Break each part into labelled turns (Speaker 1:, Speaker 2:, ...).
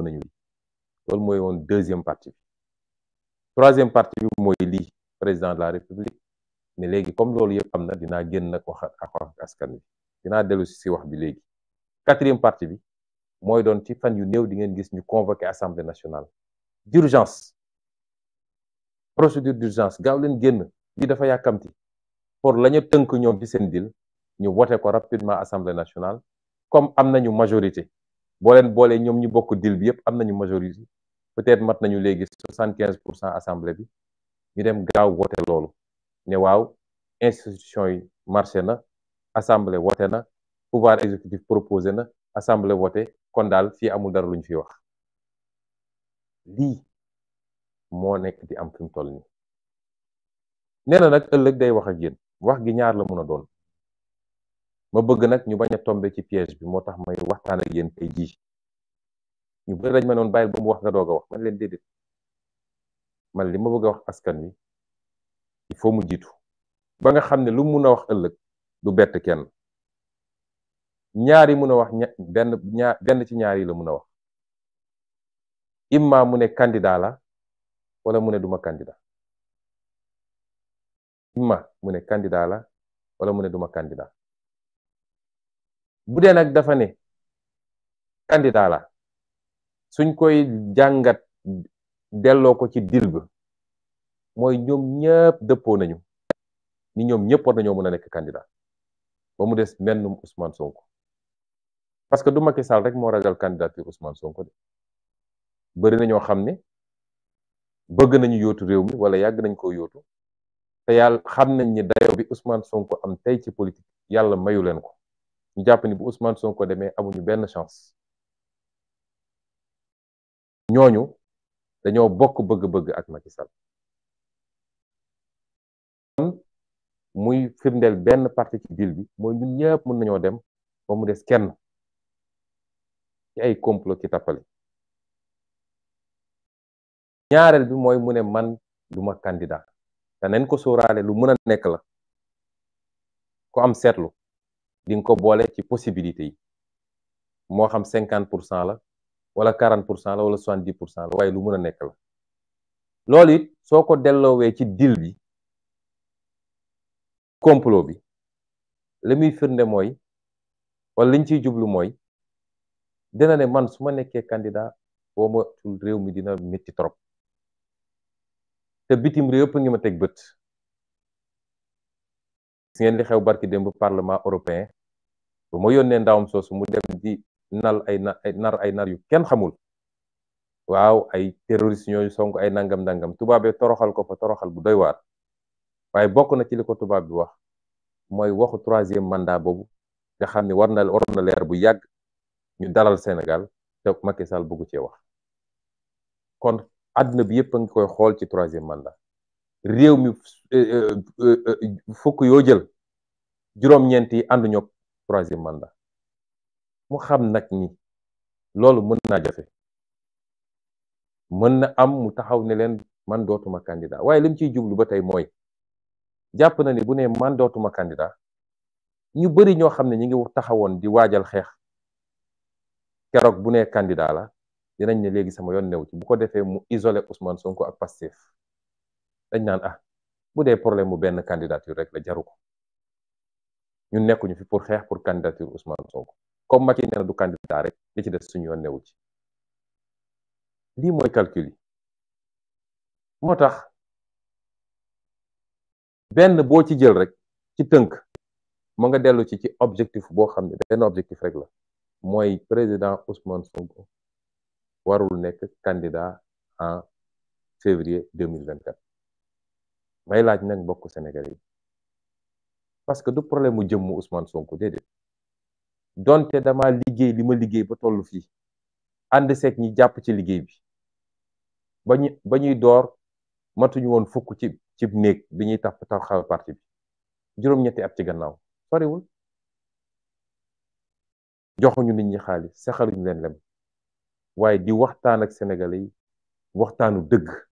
Speaker 1: nañu li loolu deuxième partie troisième partie moi président de la république ne l'église comme loolu yëpp am na dinaa na nag wax ak askan wi wax bi quatrième partie moi mooy doon ci fan yu néew di ngeen gis assemblée nationale d'urgence procédure d'urgence Gaulin, genn génn lii dafa yàkkamti pour l'année tant tënk ñoom ci dil ñu voté ko rapidement assemblée nationale comme amener une majorité boo leen boolee ñoom ñu bokk dil bi yëpp am nañu majorité peut-être mat nañu léegi soixante quinze pour cent assemblée bi ñu dem gaaw voté loolu ne waaw institution yi marché na assemblée voté na pouvoir exécutif proposé na assemblée voté kon daal fii amul dara lu ñu fi wax lii moo nekk di am fi mu toll nii nee nag ëllëg day wax ak yéen wax gi ñaar la mun a doon ma bëgg nag ñu bañ a tombé ci piège bi moo tax may waxtaan ak yéen tey jii ñu bëri dañ ma noonu bàyyil ba mu wax nga doog a wax man leen déedéet man li ma bëgg a wax askan wi il faut mu jiitu ba nga xam ne lu mun a wax ëllëg du bett kenn ñaari mun a wax ña benn ci ñaar yi la mun a wax imma mu ne candidat la wala mu ne duma candidat imma mu ne candidat la wala mu ne duma candidat bu dee nag dafa ne candidat la suñ koy jàngat delloo ko ci dil mooy ñoom ñëpp dëppoo nañu ni ñoom ñëpp war nañoo mën a nekk candidat ba mu des mennum Ousmane Sonko parce que du Macky Sall rek moo ragal candidature Ousmane Sonko de bëri na ñoo xam ne bëgg nañu yootu réew mi wala yàgg nañ ko yóotu te yàlla xam nañ ni dayo bi Ousmane Sonko am tey ci politique yàlla mayu leen ko ñu japp ni bu Ousmane Sonko démé amuñu ben chance ñoñu dañoo bokk bëgg-bëgg ak Macky Sall muy firndel Ben parti ci deal bi moy ñun ñepp mën nañoo dem ba mu dess kenn ci ay complot ki tapalé ñaareel bi moy mune man du candidat da nañ ko sóoraale lu mëna nek la ko am di nga ko boole ci possibilité yi moo xam 50% la wala 40% la wala 70% la waaye lu mën a nekk la loolu it soo ko delloowee ci deal bi complot bi li muy firnde mooy wala liñ ciy jublu mooy dina ne man su ma nekkee candidat boo ma réew mi dina metti trop te bitim réew yëpp ngi ma teg bët gis ngeen li xew barki démb parlement européen bu ma yónnee ndawam su mu dem di nal ay nar ay nar yu kenn xamul waaw ay terroriste ñooñu song ay nangam nangam tubaabe toroxal ko fa toroxal bu doy waar waaye bokk na ci li ko tubaab bi wax mooy waxu troisième mandat boobu nga xam ne war na waroon na leer bu yàgg ñu dalal Sénégal te Macky Sall bëggu cee wax kon àdduna bi yëpp a ngi koy xool ci troisième mandat réew mi euh, euh, euh, fukk yoo jël juróom-ñeent yi ànduñu ak troisième mandat mu xam nag ni loolu mën naa jafe mën na am mu taxaw ne leen man dootuma candidat waaye lim ciy jublu ba tey mooy jàpp na ni bu ne man dootuma candidat ñu bari ñoo xam ne ñi ngi taxawoon di waajal xeex keroog bu ne candidat la dinañ ne léegi sama yoon new ci bu ko defee mu isolé Ousmane Sonko ak Pastef dañ naan ah bu dee problème mu benn candidature rek la jaru ko ñu nekkuñu fi pour xeex pour candidature Ousmane Sonko comme Macky nee du candidat rek li ci des suñu yoon newu ci lii mooy calcul yi moo tax benn boo ci jël rek ci tënk mu nga dellu ci ci objectif boo xam ne benn objectif rek la mooy président Ousmane Sonko warul nekk candidat en février may laaj nag bokk Sénégal yi parce que du problème mu jëmm Ousmane Sonko déedéet donte dama liggéey li ma liggéey ba tollu fii ànd seeg ñi jàpp ci liggéey bi ba ñu ba ñuy door matuñu woon fukk ci ci néeg bi ñuy tax taxawal parti bi juróom-ñetti at ci gannaaw soriwul joxuñu nit ñi xaalis saxaluñu leen lem waaye di waxtaan ak sénégalais yi waxtaanu dëgg.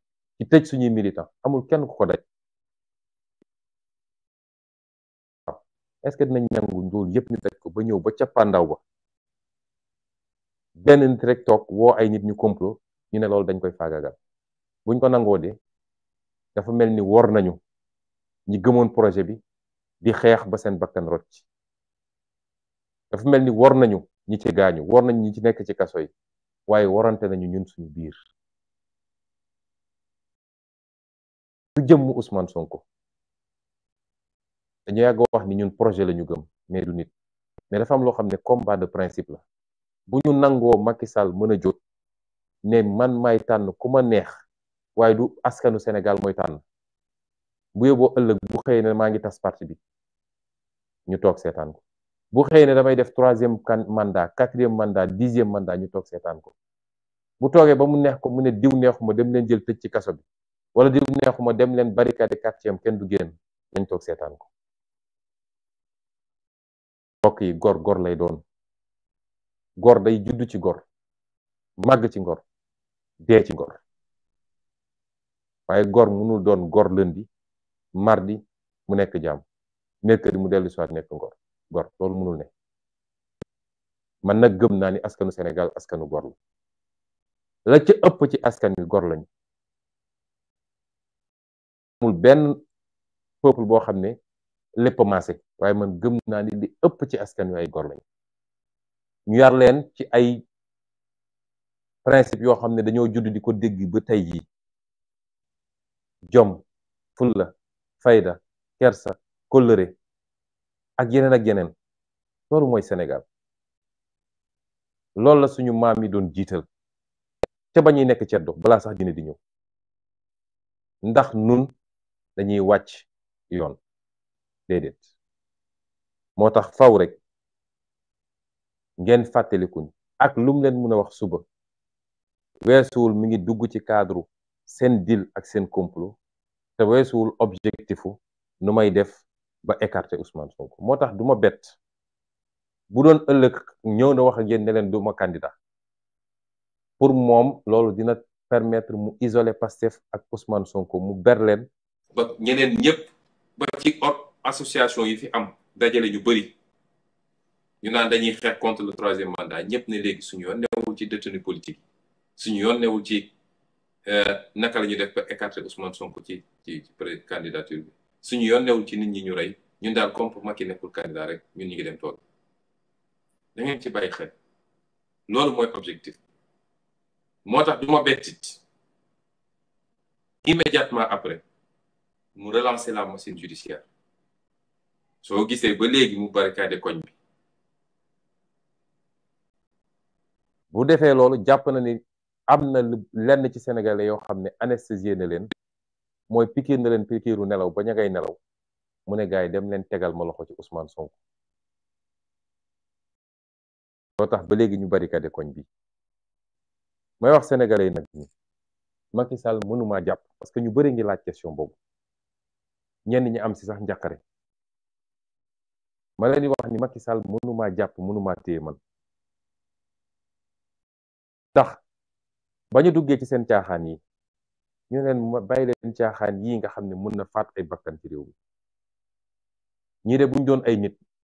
Speaker 1: ci tëj suñuy militan amul kenn ku ko daj waaw est-ce que dinañ nangu ndool yëpp ñu daj ko ba ñëw ba ca pàndaw ba benn nit rek toog woo ay nit ñu complot ñu ne loolu dañ koy faagagal buñ ko nangoo de dafa mel ni wor nañu ñi gëmoon projet bi di xeex ba seen bakkan rot ci dafa mel ni wor nañu ñi ci gaañu wor nañu ñi ci nekk ci kaso yi waaye warante nañu ñun suñu biir du jëmm Ousmane Sonko dañu yàgg wax ni ñun projet lañu ñu gëm mais du nit mais dafa am loo xam ne combat de principe la bu ñu nangoo Macky Sall mën a jóg ne man may tànn ku ma neex waaye du askanu Sénégal mooy tànn bu yóbboo ëllëg bu xëyee ne maa ngi tas parti bi ñu toog seetaan ko bu xëyee ne damay def troisième mandat quatrième mandat dixième mandat ñu toog seetaan ko bu toogee ba mu neex ko mu ne diw neexuma dem leen jël tëj ci kaso bi wala di neexuma dem leen barricade quartier am kenn du génn nañ toog seetaan ko mbokk yi gor gor lay doon gor day juddu ci gor màgg ci ngor dee ci ngor waaye gor mënul doon gor lundi mardi mu nekk jàmm mercredi mu dellu soit nekk ngor gor loolu mënul ne man nag gëm naa ni askanu senegal askanu gor la la ca ëpp ci askan wi gor lañu amul benn boo xam ne lépp waaye man gëm naa ni li ëpp ci askan wi ay gor ñu yar leen ci ay principe yoo xam ne dañoo judd di ko dégg ba tey jii jom fulla fayda kersa kóllëre ak yeneen ak yeneen loolu mooy Sénégal loolu la suñu maam yi doon jiital ca ba ñuy nekk ceddo balaa sax dina di ñëw ndax nun dañuy wàcc yoon déedéet moo tax faw rek ngeen fàttalikuñ ak lum leen mën a wax suba weesuwul mi ngi dugg ci cadre seen dil ak seen complot te weesuwul objectifu nu may def ba écarter Ousmane Sonko moo tax du ma bett bu doon ëllëg ñëw na wax ak yéen ne leen du ma candidat pour moom loolu dina permettre mu isoler Pastef ak Ousmane Sonko mu ber leen ba ñeneen ñëpp ba ci or association yi fi am dajale ñu bëri ñu naan dañuy xeex contre le troisième mandat ñëpp ne léegi suñu yoon newul ci détenu politique suñu yoon newul ci euh, naka la ñu def ba écarter Ousmane Sonko ci ci ci candidature bi suñu yoon newul ci nit ñi ñu rey ñun daal comme Macky nekkul candidat rek ñun ñu ngi dem tool da ci bàyyi xel loolu mooy objectif moo tax du ma bettit immédiatement après. mu relancer la machine judiciaire soo gisee ba léegi mu barricade koñ bi bu defee loolu jàpp na ni am na lenn ci sénégalais yoo xam ne anesthésié na leen mooy pikiir na leen pikiiru nelaw ba ña nelaw mu ne gars yi dem leen tegal ma loxo ci Ousmane Sonko loo tax ba léegi ñu barricade koñ bi may wax sénégalais yi nag ni Macky Sall mënumaa jàpp parce que ñu bëri ngi laaj question boobu ñenn ñi am si sax njàqare ma leen di wax ni Macky Sall mënumaa jàpp mënumaa téye man ndax ba ñu duggee ci seen caaxaan yi ñu leen bàyyi leen caaxaan yii nga xam ne mën na faat ay bakkan ci réew mi ñii de buñ doon ay nit